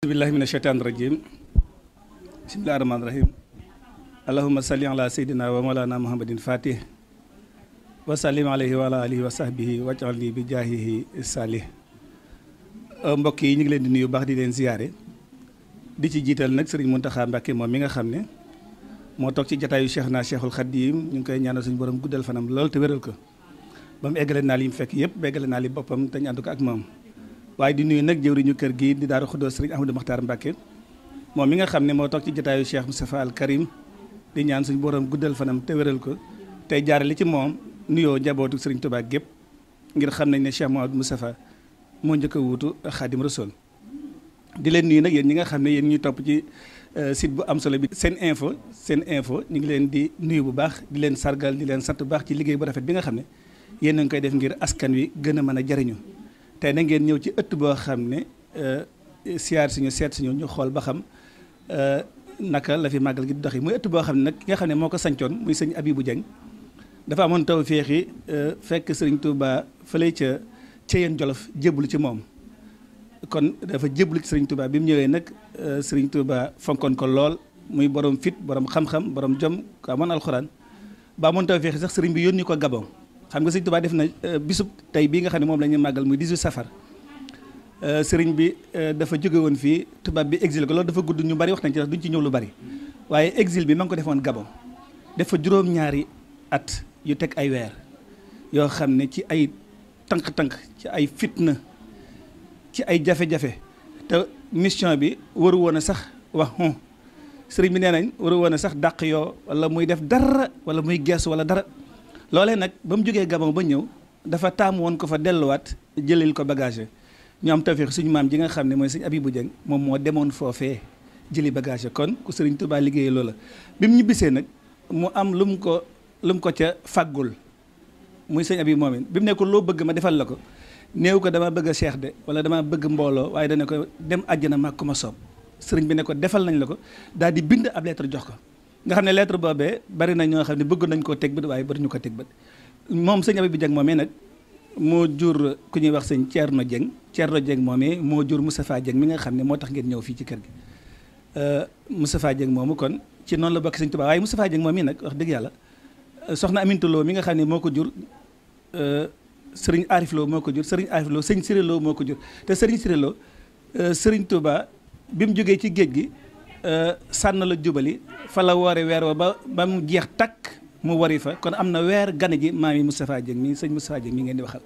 billahi min asheytaan rajim bismillahi rahmaani rahim allahuma salli ala seydina wa mawlana muhammadin fatih wa alayhi wa ala alihi wa sahbihi wajal bi jaahihi salih mbokk yi ñu ngi leen di nuyu baax di leen ziyaare di ci jiital nag sëriñ Muntaxa Mbàkke moom mi nga xam ne moo toog ci jataayu cheikh naa cheikhul xadim ñu ngi koy ñaanal suñu borom guddal fanam lool te wéral ko ba mu eggale naa li mu fekk yëpp ba eggale naa li boppam te ñu ànd ak moom waaye di nuyu nag jëwriñu kër gi di Daaru Xuddoos Sëriñ Ahmadou Makhtar Mbacke moom mi nga xam ne moo toog ci jotaayu Cheikh Moustapha Al Karim di ñaan suñu borom guddal fanam te wéral ko tey li ci moom nuyoo njabootu Sëriñ tubaak gépp ngir xam nañ ne Cheikh Mouhamadou Moustapha moo njëkk a wuutu Xaadim Rasuul di leen nuyu nag yéen ñi nga xam ne yéen ñu topp ci euh, site bu am solo bi seen info seen info ñu ngi leen di nuyu bu baax di leen sargal di leen sant bu baax ci liggéey bu rafet bi nga xam ne yéen a ngi koy def ngir askan wi gën a mën a jariñu tey na ngeen ñëw ci ëtt boo xam ne euh, siyaar si ñu seet si ñu ñu xool ba xam euh, naka la fi màggal gi doxee muy ëtt boo xam ne nag ki nga xam ne moo ko sancoon muy sëñ bu Dieng dafa amoon taw féexi euh, fekk sëriñ Touba fële ca Thièyène Jolof jébbalu ci moom. kon dafa jébbalu ci sëriñ Touba bi mu ñëwee nag sëriñ Touba fonkoon ko lool muy borom fit borom xam-xam borom jom ko amoon alxuraan ba amoon taw féexi sax sëriñ bi yónni ko Gabon. xam nga sëñ Tuubaa def na euh, bisub tey bii nga xam ne moom la ñuy màggal muy 18 safar euh, sëriñ bi euh, dafa jóge woon fii tubaab bi exil ko loolu dafa gudd ñu bari wax nañ ci duñ ci ñëw lu bari waaye exil bi ma ngi ko defoon Gabon def fa juróom-ñaari at yu teg ay weer yoo xam ne ci ay tànk-tànk ci ay fitna ci ay jafe-jafe te mission bi waru woon a sax wax sëriñ bi nee nañ war woon a sax dàq yoo wala muy def dara wala muy geesu wala dara. loolee nag ba mu jógee Gabon ba ñëw dafa taamu woon ko fa delluwaat jëlil ko bagage ñu am tawféex suñu maam ji nga xam ne mooy sëñ bu Dieng moom moo demoon foofee jëli bagage kon ku sëriñ Touba liggéey loola bi mu ñibbisee nag mu am lu mu ko lu ko ca faggul muy sëñ Abibou moom bi mu nekkul loo bëgg ma defal la ko neewu ko dama bëgg a seex de wala dama bëgg mbooloo waaye dana ko dem na ma ku ma soob sëriñ bi ne ko defal nañ la ko daal di bind ab jox ko nga xam ne lettre boobee bari na ñoo xam ne bëgg nañ koo teg bët waaye bari ñu ko teg bët moom sëñ bi Dieng moomee nag moo jur ku ñuy wax sëñ Thierno Dieng Thierno Dieng moomee moo jur Moustapha Dieng mi nga xam ne moo tax ngeen ñëw fii ci kër gi euh, Moustapha Dieng moomu kon ci noonu la bokk sëñ Tuubaa waaye Moustapha Dieng moom mii nag wax dëgg yàlla soxna Aminta mi nga xam ne moo ko jur euh, sëriñ Arif Lo moo ko jur sëriñ Arif Lo sëñ Siré moo ko jur te sëriñ Siré Lo euh, sëriñ Tuubaa bi mu jógee ci géej gi Euh, sànna la jubali fa la woore weer wa ba ba mu jeex takk mu wari fa kon am na weer gane ji maam yi Moustapha Dieng mi sëñ Moustapha mi ngeen di waxal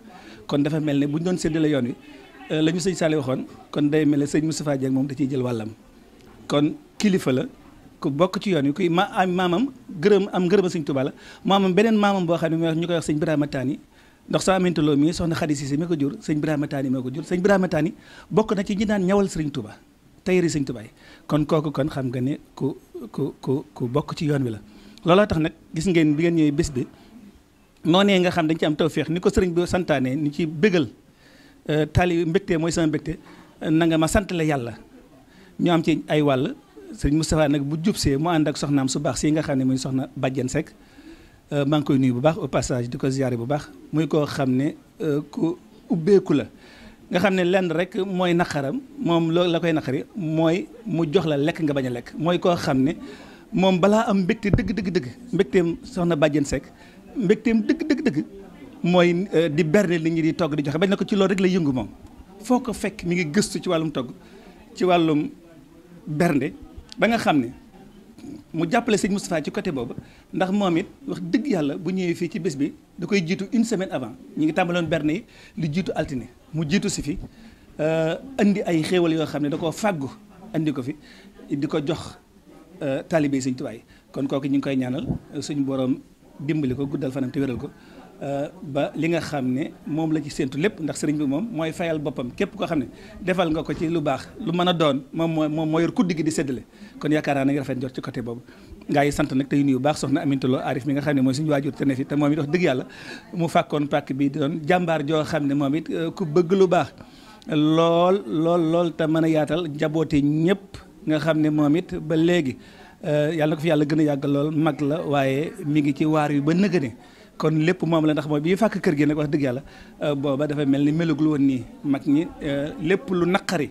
kon dafa mel ne bu ñu doon séddale yoon wi euh, la ñu sëñ Saliou waxoon kon day mel ne sëñ Moustapha Dieng moom da ciy jël wàllam kon kilifa la ku bokk ci yoon wi kuy ma am maamam gërëm am ngërëma sëñ Touba la maamam beneen maamam boo xam ne ñu koy wax sëñ Birama Tani ndax soo amante loo mii soxna Xadi Sise mi ko jur sëñ Birama Tani moo ko jur sëñ Birama Tani bokk na ci ñi daan ñawal sëriñ tayri sëñ Tuubaa kon kooku kon xam nga ne ku ku ku ku bokk ci yoon wi la looloo tax nag gis ngeen bi ngeen ñëwee bés bi noonee nga xam dañ ci am tew feex ni ko sëriñ bi santaane ni ci bégal euh, taali mbégte mooy sama mbégte na nga ma sant la yàlla ñu am ci ay wàll sëriñ Moustapha nag bu jubsee mu ànd ak soxnaam su baax si nga xam ne muy soxna Badiane Seck euh, maa ngi koy nuyu bu baax au passage di ko ziyaare bu baax muy koo xam ne euh, ku ubbeeku la nga xam ne lenn rek mooy naqaram moom loolu la koy naqari mooy mu jox la lekk nga bañ a lekk mooy koo xam ne moom balaa am mbégte dëgg dëgg dëgg mbégteem soxna Badiène Seck mbégteem dëgg dëgg dëgg mooy euh, di berne li ñi di togg di jox bañ na ko ci loolu rek la yëngu moom foo ko fekk mi ngi gëstu ci wàllum togg ci wàllum bernde ba nga xam ne mu jàppale sëñ Moustapha ci côté boobu ndax moom it wax dëgg yàlla bu ñëwee fii ci bés bi da koy jiitu une semaine avant ñu ngi tàmbaloon berne yi jiitu altine mu jiitu si fi euh, andi ay xéewal yoo xam ne da koo fàggu andi ko fi di ko jox euh, taalibe sëñ Tuubaa yi kon kooku ñu ngi koy ñaanal euh, suñu borom dimbali ko guddal fanam te wéral ko ba li nga xam ne moom la ci séentu lépp ndax sëriñ bi moom mooy fayal boppam képp koo xam ne defal nga ko ci lu baax lu mën a doon moom moo moom moo yor kuddi gi di séddale kon yaakaar naa na ngi rafet jot ci côté boobu gaa yi sant nag yu nuyu baax soxna Aminta Lo Arif mi nga xam ne mooy suñu waajur te ne fi te moom it wax dëgg yàlla mu fàkkoon pàkk bi doon jàmbaar joo xam ne moom it euh, ku bëgg lu baax lool lool lool te mën a yaatal njaboote ñëpp nga xam ne moom it ba léegi euh, yàlla na ko fi yàlla gën a yàgg lool mag la waaye mi ngi ci waar yu ba nëgëne kon lépp moom la ndax mooy bii fàkk kër gi nag wax dëgg yàlla euh, booba dafa mel ni melugul woon nii mag ñi lépp lu naqari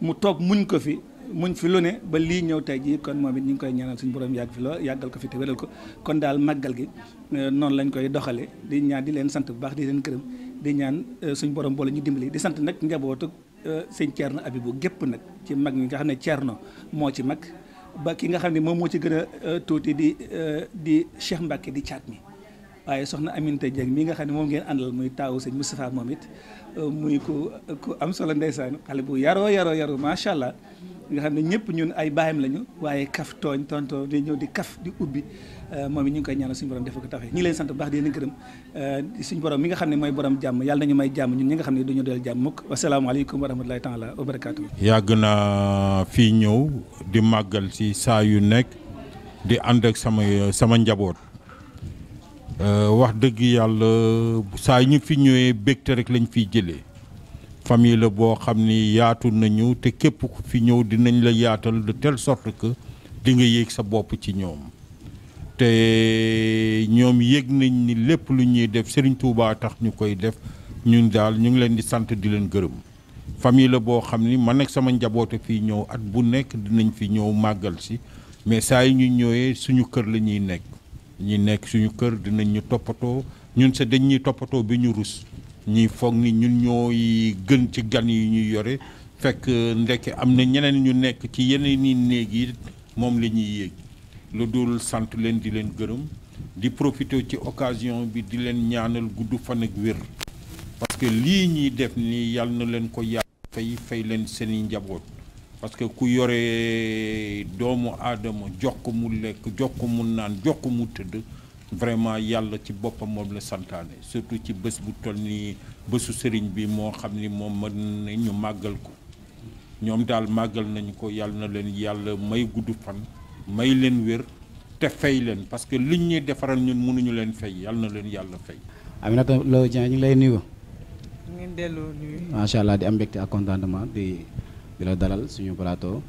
mu toog muñ ko fi muñ fi lu ne ba lii ñëw tey jii kon moom it ñu ngi koy ñaanal suñu borom yàgg fi loo yàggal ko fi te wéral ko kon daal màggal gi euh, noonu lañ koy doxale di ñaan di leen sant bu baax di leen gërëm di ñaan euh, suñu borom boole ñu dimbali di sant nag njabootu euh, sëñ abi Abibou gépp nag ci mag ñi nga xam ne ceer Thierno moo ci mag ba ki nga xam ne moom moo ci gën a tuuti di di Cheikh Mbacke di caat mi waaye soxna Aminta Dieng mi nga xam ne moom ngeen àndal muy taawu sëñ Moustapha moom it euh, muy ku ku am solo ndeysaan xale bu yaroo yaroo yaroo allah nga xam ne ñëpp ñun ay baayam lañu waaye kaf tonto di ñëw di kaf di ubbi euh, moom ñu ngi koy ñaanal suñu borom def ko tawfeex ñu ngi leen sant bu baax gërëm euh, suñu borom mi nga xam ne mooy borom jàmm yàlla nañu may jàmm ñi nga xam ne duñu del jàmm mukk wasalaamaaleykum wa rahmatulahi taala wa barakaatu. yàgg fii ñëw di màggal si saa yu nekk di ànd ak sama sama njaboot. Euh, wax dëgg yàlla saa yi ñu fi ñëwee bégte rek lañ fiy jëlee famille la boo xam ni yaatu nañu te képp fi ñëw dinañ la yaatal de telle sorte que di nga yéeg sa bopp ci ñoom te ñoom yéeg nañ ni lépp lu ñuy def Serigne Touba tax ñu koy def ñun daal ñu ngi leen di sant di leen gërëm famille la boo xam ni man ak sama njaboote fii ñëw at bu nekk dinañ fi ñëw màggal si mais saa yi ñu ñëwee suñu kër la ñuy nekk. ñi nekk suñu kër dinañ ñu toppatoo ñun sa dañ ñuy toppatoo bi ñu rus ñuy foog ni ñun ñooy gën ci gan yi ñuy yore fekk ndekke am na ñeneen ñu nekk ci yeneen i néeg yi moom la ñuy yéeg lu dul sant leen di leen gërëm di profité ci occasion bi di leen ñaanal gudd fan ak wér parce que lii ñuy def ni yàlla na leen ko yàlla fay fay leen seeni njaboot parce que ku yore doomu aadama jox ko mu lekk jox ko mu naan jox ko mu tëdd vraiment yàlla ci boppam moom la santaane surtout ci bés bu toll nii bésu sëriñ bi moo xam ni moom mën nañu màggal ko ñoom daal màggal nañu ko yàlla na leen yàlla may gudd fan may leen wér te fay leen parce que liñ ñuy defaral ñun mënuñu leen fay yàlla na leen yàlla fay. Aminata Lo Dieng ñu ngi lay nuyu. ñu ngi di am mbégte ak contentement di la dalal suñu plateau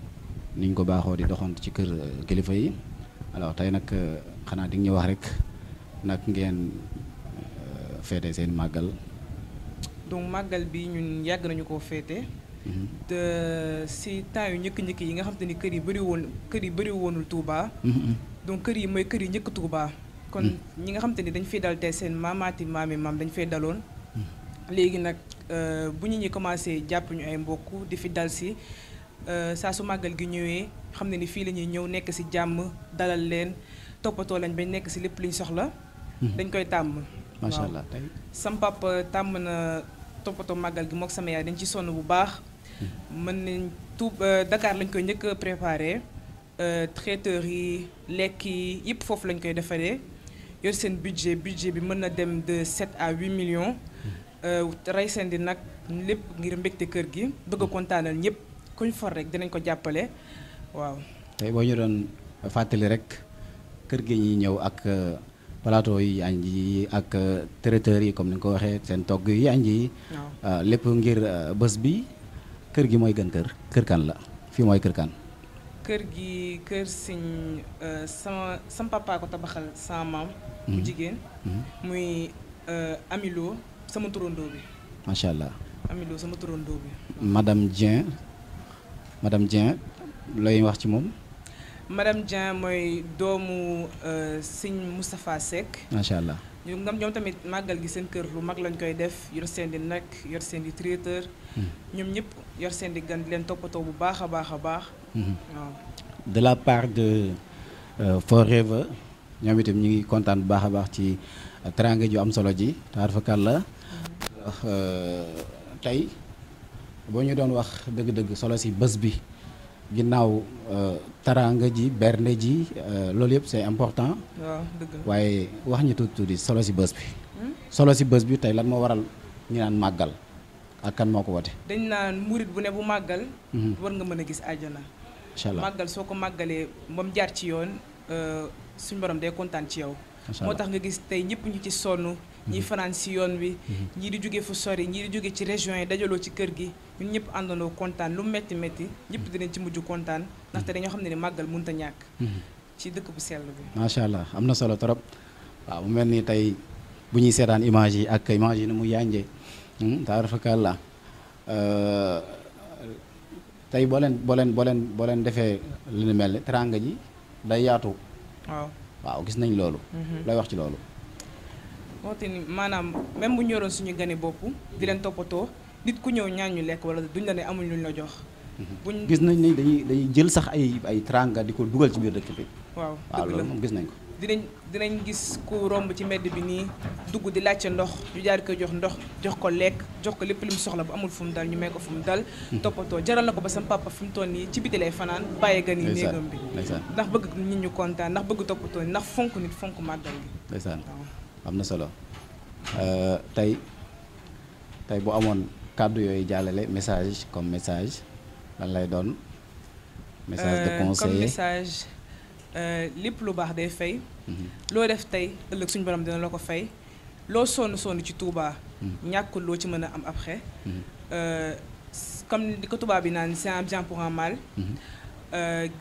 ni ñu ko baaxoo di doxant ci kër euh, kilifa yi alors tey nag euh, xanaa di nga wax rek nag ngeen euh, féete seen màggal. donc màggal bi ñun yàgg nañu ko féete. Mhm. te si temps yu ñëkk njëkk yi nga xam te ni kër yi bëri kër yi bëri woonul Touba. Mhm. donc kër yi mooy kër yi njëkk Touba. kon mhm. ñi nga xam ni dañ fi dal tey seen maamaati mi maam dañ fay daloon. léegi nag Euh, bu ñu ñi commencé jàpp ñu ay mbokk di fi dal si euh, saa su màggal gi ñëwee xam ne ni fii lañuy ñëw nekk si jàmm dalal leen toppatoo lañ bañ nekk si lépp liñ soxla. Mhm. dañ koy tàmm. macha allah tey sam tàmm na toppatoo màggal gi mook sama yaay dañ ci sonn bu baax. Mhm. mën nañ tout euh, Dakar lañ koy njëkk a préparé traiteur yi lekk yi yëpp foofu lañ koy defaree yor seen budget budget bi mën na dem de 7 à 8 million Euh, ray seen di nag lépp ngir mbégte kër gi bëgg a kontaanal ñëpp koñ for rek dinañ ko jàppale waaw. tey boo ñu doon fàttali rek kër gi ñuy ñëw ak euh, plateau yi añ yi ak euh, traiteurs yi comme ni nga ko waxee seen togg yi añ yi. lépp ngir bës bi kër gi mooy gën kër. kër kan la fii mooy kër kan. kër gi kër siñ sama sama papa ko tabaxal sama maam. mu mhm. jigéen. Mhm. muy amilo sama turandoo bi. macha allah. Amilou sama turandoo bi. madame Dieng madame Dieng looy wax ci moom. madame Dieng mooy doomu euh, sëñ Moustapha Seck. macha allah ñu ngam ñoom tamit màggal gi seen kër lu mag lañ koy def yor seen di nag yor seen di traiteur. Hmm. ñoom ñëpp yor seen di gan leen toppatoo bu baax a baax a baax. Hmm. waaw. de la part de euh, Forever ñoom itam ñu ngi kontaan bu baax a baax ci euh, teraanga ju am solo ji taar fa kàlla. Euh, tey boo ñu doon wax dëgg-dëgg solo si bës bi ginnaaw euh, taraanga ji bernde ji euh, loolu yëpp c'est important. dëgg waaye wax ñu tuuti tuuti solo si bës bi. Hmm? solo si bés bi tey lan moo waral ñu naan màggal ak moo ko wote. dañ naan murit bu ne bu màggal. Hmm. war nga mën a gis àjjana. incha allah màggal soo ko màggalee moom jaar ci yoon suñ borom day kontaan ci yow. moo tax nga gis tey ñëpp ñu ci sonn. ñiy mhm. fanaan si yoon wi mhm. ñii di jóge fu sori ñii di jóge ci région yi dajaloo ci kër gi ñun ñëpp àndandoo kontaan lu metti metti ñëpp dinañ ci mujj kontaan ndaxte mhm. dañoo xam ne ne màggal mënut a ñàkk ci dëkk bu sell bi macha allah am na solo trop waaw mu mel ni tey bu ñuy seetaan image yi ak image yi ni mu yànjee hmm, taarafakàlla euh, tey boo leen boo leen boo leen boo leen defee lu ni mel ni teranga ji day yaatu waaw waaw gis nañ loolu lay wax ci loolu moo ni maanaam même bu ñoroon suñu gane bopp di leen toppatoo nit ku ñëw ñaan ñu lekk wala duñ la ne amuñ luñ la jox. buñ gis nañ ne dañuy dañuy jël sax ay ay tranga ko dugal ci biir dëkk bi. waaw waaw loolu gis nañ ko. dinañ dinañ gis ku romb ci mbedd bi nii dugg di laajte ndox ñu jaar ko jox ndox jox ko lekk jox ko lépp li mu soxla bu amul fu mu dal ñu may ko fu mu dal. Hmm. toppatoo jaral na ko ba sam papa fi mu toll nii ci biti lay fanaan bàyyi gan yi néegam bi. ndax bëgg nit ñu kontaan ndax bëgg toppatoo ndax fonk nit fonk màggal gi. am na solo euh, tey tey boo amoon kàddu yooyu jàllale message comme message lan lay doon. message de conseil euh, comme message euh, lépp lu baax day fay. Mhm. loo def tey ëllëg suñ borom dina la ko fay. loo sonn sonn ci tuuba mhm. ñàkk loo ci mën a am après. Mhm. comme li ko tubaab bi naan c'est un bien pour un mal.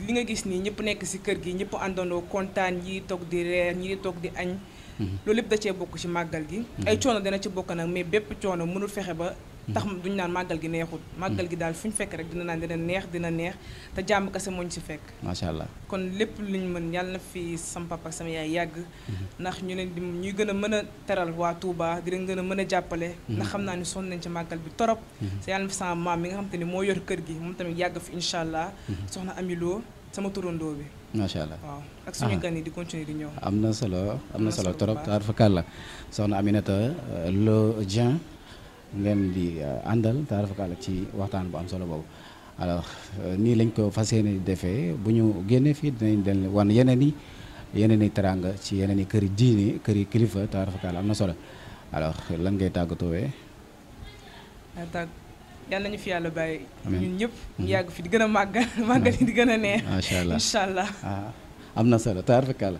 li nga gis nii ñëpp nekk ci kër gi ñëpp àndandoo kontaan ñi ñii toog di reer ñii di toog di añ. loolu lépp da cee bokk ci màggal gi mhm. ay coono dana ci bokk nag mais bépp coono mënul fexe ba mhm. tax duñ naan màggal gi neexul mhm. màggal gi daal fu ñu fekk rek dina naan dina neex dina neex te jàmm kese mooñ ci fekk macha allah kon lépp lu ñu mën yàlla na fi sama papa ak sama yàgg ndax ñu leen di ñuy gën a mën a teral waa Touba di leen gën a mën a jàppale ndax xam naa ni sonn nañ ci màggal bi torop te yàlla maam mi nga xam te ni moo yor kër gi moom tamit yàgg fi incha allah soxna amiloo sama turandoo bi macha allah waaw ak suñu gan di continuer di ñëw. am na solo am na solo trop taar fakàlla soxna Aminata euh, Lo Dieng ngeen di euh, àndal taar fakàlla ci waxtaan bu am solo boobu. alors euh, nii lañ ko fas yéene defee bu ñu génnee fii dinañ del wan yeneen yi yeneen i teraanga ci yeneen i këri diine yi kilifa taar fakàlla am na solo alors lan ngay tàggatoo yàlla nañu fi yàlla bàyyi. ñun ñëpp mhm. yàgg fi di gën a màggal màggal yi di gën a neex. macha ah, am na solo taarfakala.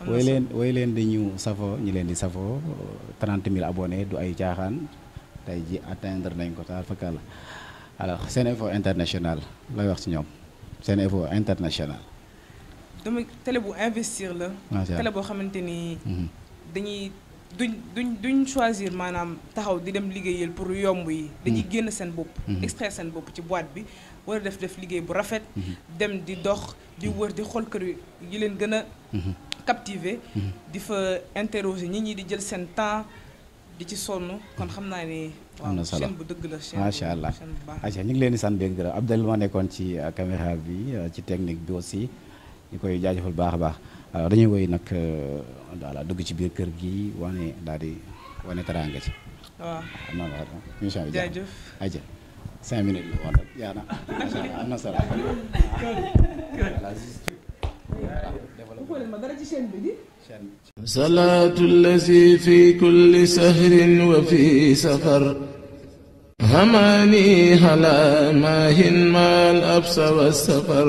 am way leen woy leen dañu ñu safoo ñu leen di safoo 30 000 abonnés du ay caaxaan tey ji atteindre nañ ko taarfakala alors Seneinfo International lay wax si ñoom Seneinfo International. dama télé bu investir la. macha allah télé boo xamante ni. Mhm. dañuy. duñ duñ duñ choisir maanaam taxaw di dem liggéeyal pour yomb yi. dañuy mm-hmm. génn seen bopp. Mm-hmm. extraire seen bopp ci boîte bi war a def def liggéey bu rafet. Mm-hmm. dem di dox di wër di xool kër yi leen gën a. captiver. di fa interroger ñi ñi di jël seen temps di ci sonn kon xam naa ni am na solo bu dëgg la chaîne macha allah ñu ngi leen di sant di gërëm Abdel ma nekkoon ci euh, caméra bi euh, ci technique bi aussi ñu koy jaajëfal baax a baax. alors euh, dañuy woy nag voilà euh, dugg ci biir kër gi wane daal di wane teraanga ci. waaw am na loolu émission bi jaajëf aja cinq minutes la woon rek yaa na am na solo صلاة الذي في كل سهر وفي سفر هماني هلا ماهن ما الأبس والسفر